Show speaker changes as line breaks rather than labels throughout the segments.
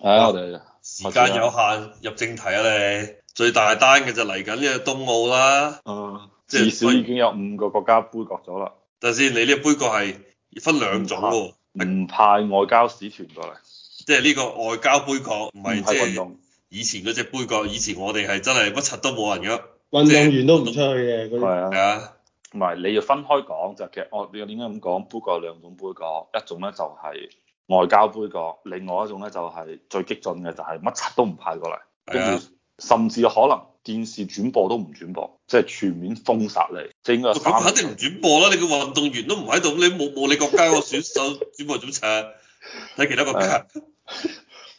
係啊，我哋時間有限，入正題啊，你最大單嘅就嚟緊呢個冬奧啦，嗯，至少已經有五個國家杯葛咗啦。但係先，你呢杯葛係分兩種喎，唔派外交使團過嚟，即係呢個外交杯葛唔係即用。以前嗰隻杯葛，以前我哋係真係乜柒都冇人嘅，運動員都唔出去嘅嗰啲，係啊，唔係你要分開講就其實，我又你點解咁講杯葛兩種杯葛，一種咧就係。外交杯葛，另外一種咧就係最激進嘅，就係乜柒都唔派過嚟，跟住是、啊、甚至可能電視轉播都唔轉播，即係全面封殺你。咁肯定唔轉播啦！你個運動員都唔喺度，你冇冇你國家個選手 轉播做咩？睇其他國家。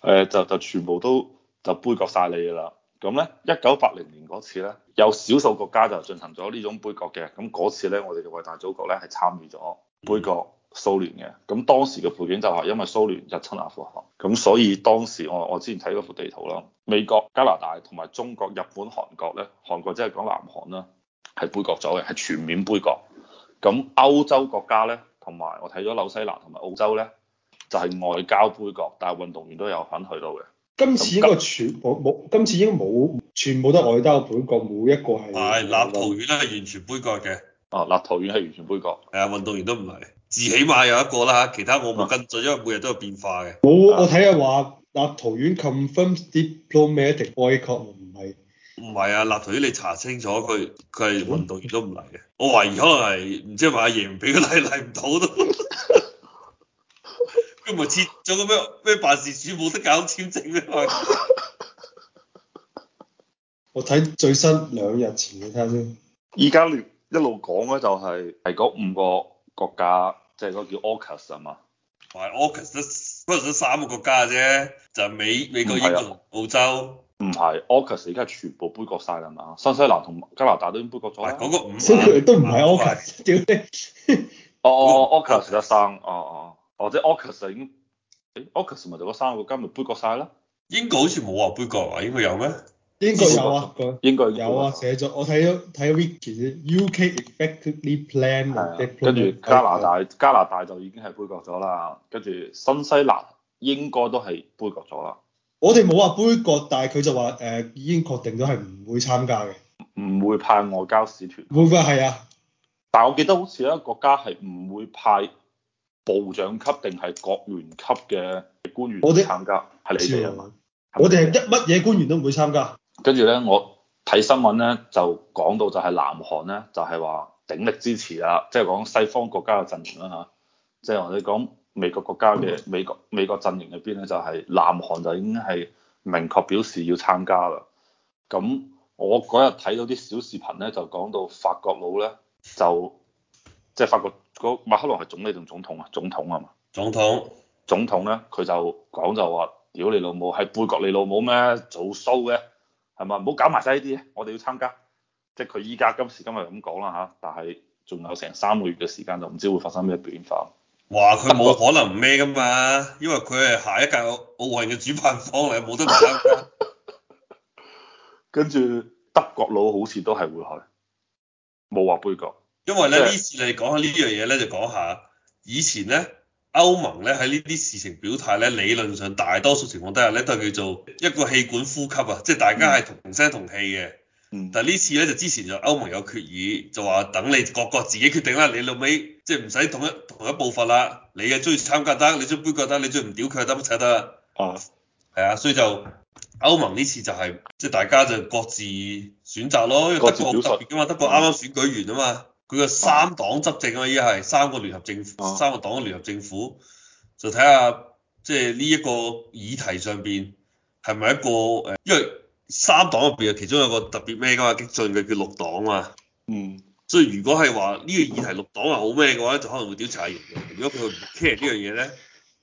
誒 就就，就全部都就杯葛晒你嘅啦！咁咧，一九八零年嗰次咧，有少數國家就進行咗呢種杯葛嘅。咁嗰次咧，我哋嘅偉大祖國咧係參與咗杯葛。蘇聯嘅，咁當時嘅背景就係因為蘇聯入侵阿富汗，咁所以當時我我之前睇過幅地圖啦，美國、加拿大同埋中國、日本、韓國咧，韓國即係講南韓啦，係杯葛咗嘅，係全面杯葛。咁歐洲國家咧，同埋我睇咗紐西蘭同埋澳洲咧，就係、是、外交杯葛，但係運動員都有份去到嘅。今次應該全部冇，今次應該冇，全部都外交杯葛，冇一個係。係，立陶宛咧係完全杯葛嘅。哦、啊，立陶宛係完全杯葛。係啊、嗯，運動員都唔係。自起碼有一個啦，其他我唔跟進，因為每日都有變化嘅。我我睇下話立陶宛 confirm diplomatic boycott 唔係唔係啊？立陶宛你查清楚，佢佢係運動員都唔嚟嘅。我懷疑可能係唔知係咪阿爺唔俾佢嚟嚟唔到都。佢咪撤咗個咩咩辦事處冇得搞簽證咩？ 我睇最新兩日前嘅睇先。依家你一路講嘅就係係嗰五個。國家即係嗰個叫 AUKUS 係嘛？唔係 AUKUS，不過得三個國家啫，就美美國、英國、澳洲。唔係 AUKUS 而家全部杯葛晒啦嘛？新西，西蘭同加拿大都已經杯葛咗啦。係嗰個五萬。都唔係 AUKUS，屌你！哦哦哦 AUKUS 得三像、啊，哦哦哦，或者 AUKUS 已經，誒 AUKUS 咪就嗰三個國家咪杯葛晒啦？英國好似冇話杯葛啊，英國有咩？應該有啊，應該有啊，寫咗。我睇咗睇 wiki UK effectively planned，跟住加拿大，嗯、加拿大就已經係杯葛咗啦。跟住新西蘭應該都係杯葛咗啦。我哋冇話杯葛，但係佢就話誒、呃、已經確定咗係唔會參加嘅，唔會派外交使團。會唔會係啊？但係我記得好似有咧，一個國家係唔會派部長級定係國元級嘅官員嚟參加，係嚟到。我哋係一乜嘢官員都唔會參加。跟住咧，我睇新聞咧就講到就係南韓咧，就係話鼎力支持啊，即係講西方國家嘅陣營啦吓，即係我哋講美國國家嘅美國美國陣營入邊咧，就係南韓就已經係明確表示要參加啦。咁我嗰日睇到啲小視頻咧，就講到法國佬咧就即係法國馬克龍係總理同總統啊，總統啊嘛。總統。總統咧，佢就講就話：屌你老母係背國你老母咩？做騷嘅？係嘛？唔好搞埋晒呢啲，我哋要參加。即係佢依家今時今日咁講啦嚇，但係仲有成三個月嘅時間，就唔知會發生咩變化。話佢冇可能唔咩噶嘛，因為佢係下一屆奧運嘅主辦方嚟，冇得唔參加。 跟住德國佬好似都係會去，冇話杯葛。因為咧呢、就係、次嚟講下呢樣嘢咧，就講下以前咧。歐盟咧喺呢啲事情表態咧，理論上大多數情況底下咧都係叫做一個氣管呼吸啊，即係大家係同聲同氣嘅。嗯。但係呢次咧就之前就歐盟有決議，就話等你各個自己決定啦，你老尾即係唔使同一同一步伐啦，你又中意參加得，你中意杯葛得，你中意唔屌佢得乜柒得啦。哦、啊。係啊，所以就歐盟呢次就係即係大家就各自選擇咯，因為德國好特別嘅嘛，德國啱啱選舉完啊嘛。佢嘅三黨執政啊，依家係三個聯合政府，啊、三個黨嘅聯合政府，就睇下即係呢一個議題上邊係咪一個誒，因為三黨入邊啊，其中有一個特別咩噶嘛，激進嘅叫六黨啊嘛，嗯，所以如果係話呢個議題六黨係好咩嘅話，就可能會調查完。如果佢唔 care 呢樣嘢咧，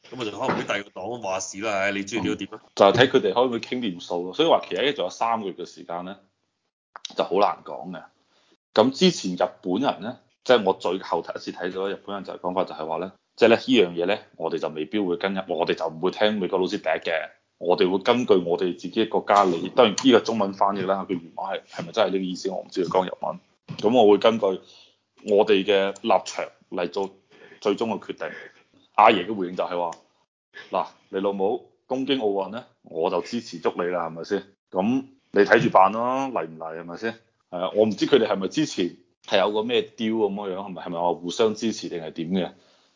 咁啊就可能俾第二個黨話事啦。你中意點都點啊，就睇佢哋可唔可以傾掂數。所以話其實呢仲有三個月嘅時間咧，就好難講嘅。咁之前日本人呢，即係我最後一次睇到日本人就講法就係話呢。即係呢呢樣嘢呢，我哋就未必會跟入，我哋就唔會聽美國老師啲嘅，我哋會根據我哋自己國家嚟。當然呢個中文翻譯啦，佢原話係係咪真係呢個意思？我唔知佢講日文。咁我會根據我哋嘅立場嚟做最終嘅決定。阿爺嘅回應就係話：嗱，你老母，東京奧運呢，我就支持足你啦，係咪先？咁你睇住辦咯，嚟唔嚟係咪先？係啊，我唔知佢哋係咪之前係有個咩雕咁樣樣，係咪係咪我互相支持定係點嘅？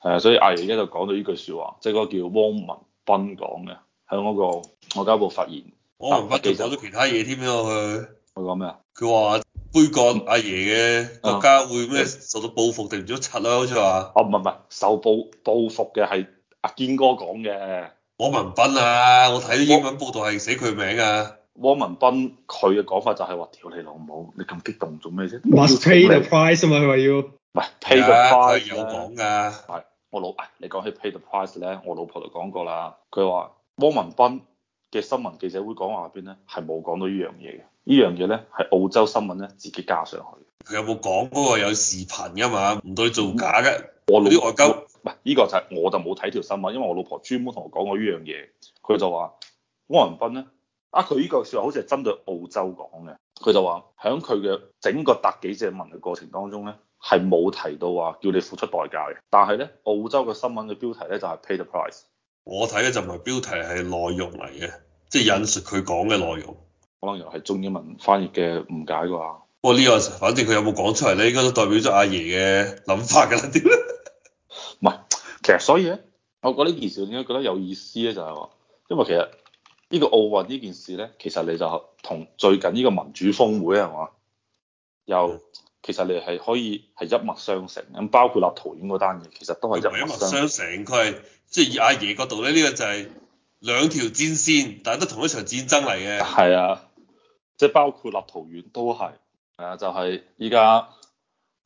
係啊，所以阿爺一度講到呢句説話，即係嗰個叫汪文斌講嘅，喺嗰個外交部發言。汪文斌其實有咗其他嘢添啊佢。佢講咩啊？佢話杯葛阿爺嘅國家會咩、嗯、受到報復定唔知乜啦，好似話。哦唔係唔係，受報報復嘅係阿堅哥講嘅。汪文斌啊，啊我睇啲英文報道係寫佢名啊。汪文斌佢嘅講法就係話，屌你老母，你咁激動做咩啫？Must pay the price 啊嘛，佢話要。唔喂，pay the price yeah, 有講㗎。係我老，哎，你講起 pay the price 咧，我老婆就講過啦。佢話汪文斌嘅新聞記者會講話入邊咧，係冇講到呢樣嘢嘅。呢樣嘢咧係澳洲新聞咧自己加上去。佢有冇講嗰個有視頻㗎嘛？唔對做假嘅。我老。啲外交。唔係，呢、這個就係、是、我就冇睇條新聞，因為我老婆專門同我講過呢樣嘢。佢就話汪文斌咧。啊！佢呢句説話好似係針對澳洲講嘅，佢就話喺佢嘅整個答記者問嘅過程當中咧，係冇提到話叫你付出代價嘅。但係咧，澳洲嘅新聞嘅標題咧就係、是、pay the price。我睇咧就唔係標題係內容嚟嘅，即係引述佢講嘅內容。可能又係中英文翻譯嘅誤解啩。不過、這個！呢個反正佢有冇講出嚟咧，應該都代表咗阿爺嘅諗法㗎啦。點咧？唔係，其實所以咧，我覺得呢件事點解覺得有意思咧，就係、是、我因為其實。呢個奧運呢件事呢，其實你就同最近呢個民主峰會係嘛？又其實你係可以係一脈相承咁，包括立陶宛嗰單嘢，其實都係一脈相承。佢係即係以阿爺角度呢，呢、呢個就係兩條戰線，但係都同一場戰爭嚟嘅。係啊，啊，即係包括立陶宛都係，係啊，就係依家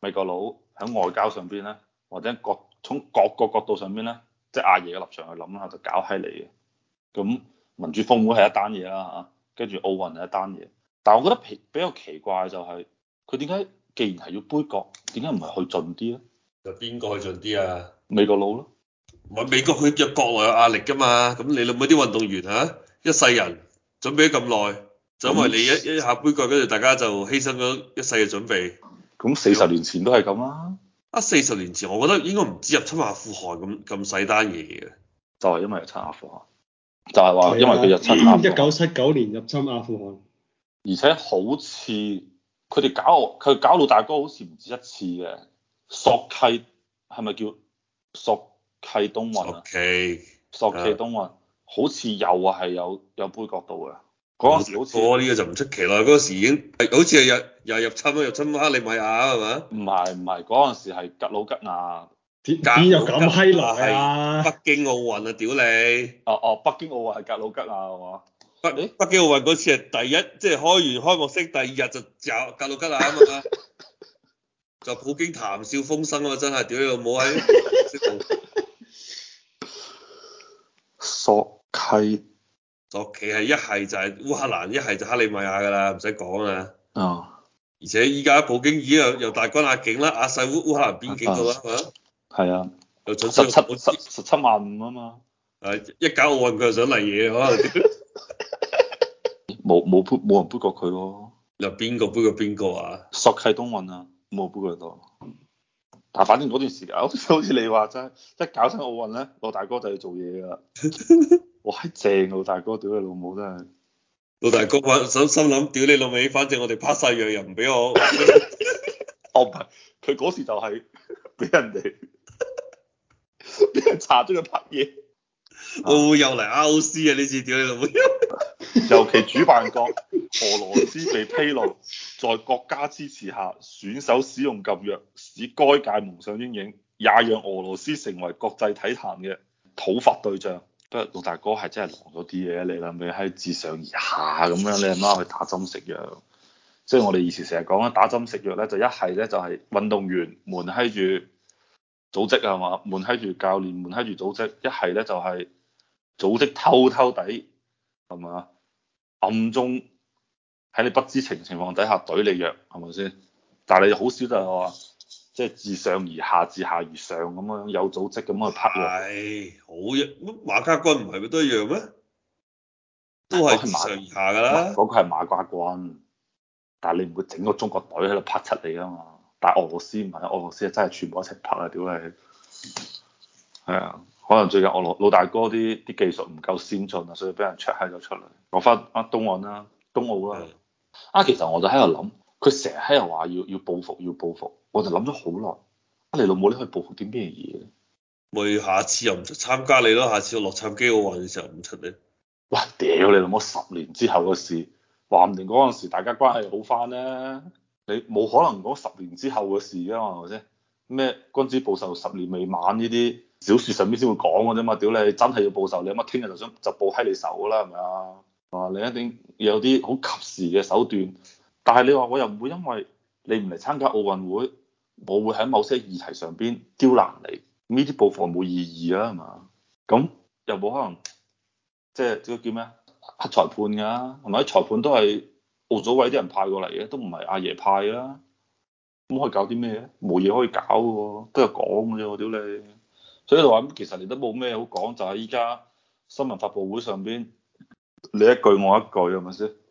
美國佬喺外交上邊呢，或者各從各個角度上邊呢，即係阿爺嘅立場去諗下，就搞起你嘅咁。民主峰會係一單嘢啦嚇，跟住奧運係一單嘢、啊。但係我覺得比較奇怪就係佢點解既然係要杯葛，點解唔係去盡啲咧？就邊個去盡啲啊？美國佬咯，唔係美國去著國內有壓力㗎嘛？咁你諗下啲運動員嚇、啊，一世人準備咗咁耐，嗯、就因為你一一下杯葛，跟住大家就犧牲咗一世嘅準備。咁四十年前都係咁啊！啊四十年前，我覺得應該唔止入侵阿富汗咁咁細單嘢嘅，就係因為入侵阿富汗。就係話，因為佢入侵阿富汗。一九七九年入侵阿富汗。而且好似佢哋搞我，佢搞到大哥好似唔止一次嘅。索契係咪叫索契冬運索契？索契冬運，好似又係有有杯葛到嘅。嗰陣時好似啊！呢個就唔出奇啦。嗰陣時已經好似係入又入侵啦，入侵克里米亞係咪？唔係唔係，嗰陣時係吉魯吉亞。點解又咁閪耐啊！北京奧運啊，屌你！哦哦，北京奧運係格魯吉亞係嘛？北北京奧運嗰次係第一，即係開完開幕式，第二日就就格魯吉亞啊嘛， 就普京談笑風生啊嘛，真係屌你老母喺。索 契，索契係一係就係烏克蘭，一係就克里米亞噶啦，唔使講啊。哦。而且依家普京已經又又大軍壓境啦，壓晒烏烏克蘭邊境度啦，係 係啊，十七，十七萬五啊嘛，係一搞奧運佢又想嚟嘢，可能冇冇冇人 push 過佢喎。又邊個 push 過邊個啊？索契奧運啊，冇 push 過多。但反正嗰段時間，好似好似你話齋，一搞親奧運咧，老大哥就要做嘢啦。哇，正老、啊、大哥，屌你老母真係。老大哥心心想心諗，屌你老味，反正我哋拍晒藥又唔俾我。我唔係，佢嗰、 哦、時就係、是、俾人哋。俾 人查咗佢拍嘢、 哦，我又嚟 ROC 啊！呢次屌你老母啊？ 尤其主辦國俄羅斯被披露在國家支持下選手使用禁藥，使該屆蒙上陰影，也讓俄羅斯成為國際體壇嘅討伐對象。不過老大哥係真係狼咗啲嘢，你諗你諗喺自上而下咁樣，你阿媽去打針食藥，即係我哋以前成日講啦，打針食藥咧就一係咧就係運動員瞞閪住組織啊嘛，瞞喺住教練，瞞喺住組織。一係咧就係、是、組織偷偷，偷底係嘛，暗中喺你不知情情況底下懟你藥，係咪先？但係你好少就係話即係自上而下，自下而上咁樣有組織咁去拍嘅、啊。係，好一樣。馬家軍唔係咪都一樣咩？都係自上而下噶啦。嗰個係馬家軍、那個，但係你唔會整個中國隊喺度拍出嚟啊嘛。但俄羅斯唔係，俄羅斯係真係全部一齊拍啊！屌你，係啊，可能最近俄羅老大哥啲啲技術唔夠先進啊，所以俾人 check 喺咗出嚟。我翻東岸啦，東澳啦。的啊，其實我就喺度諗，佢成日喺度話要要報復要報復，我就諗咗好耐。阿你老母你可以報復啲咩嘢？咪下次又唔出參加你咯，下次我洛杉磯奧運嘅時候唔出你。哇！屌你老母，十年之後嘅事，話唔定嗰陣時大家關係好翻咧。你冇可能講十年之後嘅事噶嘛，係咪先？咩君子報仇十年未晚呢啲小說上面先會講嘅啫嘛，屌你真係要報仇，你咪聽日就想就報喺你仇啦，係咪啊？啊，你一定有啲好及時嘅手段。但係你話我又唔會因為你唔嚟參加奧運會，我會喺某些議題上邊刁難你，呢啲報復冇意義啊嘛。咁又冇可能，即係叫叫咩啊？黑裁判噶，同埋啲裁判都係。做咗位啲人派過嚟嘅，都唔係阿爺派啦。咁可以搞啲咩咧？冇嘢可以搞嘅喎，都係講嘅啫喎，我屌你！所以就話其實你都冇咩好講，就係依家新聞發布會上邊，你一句我一句，係咪先？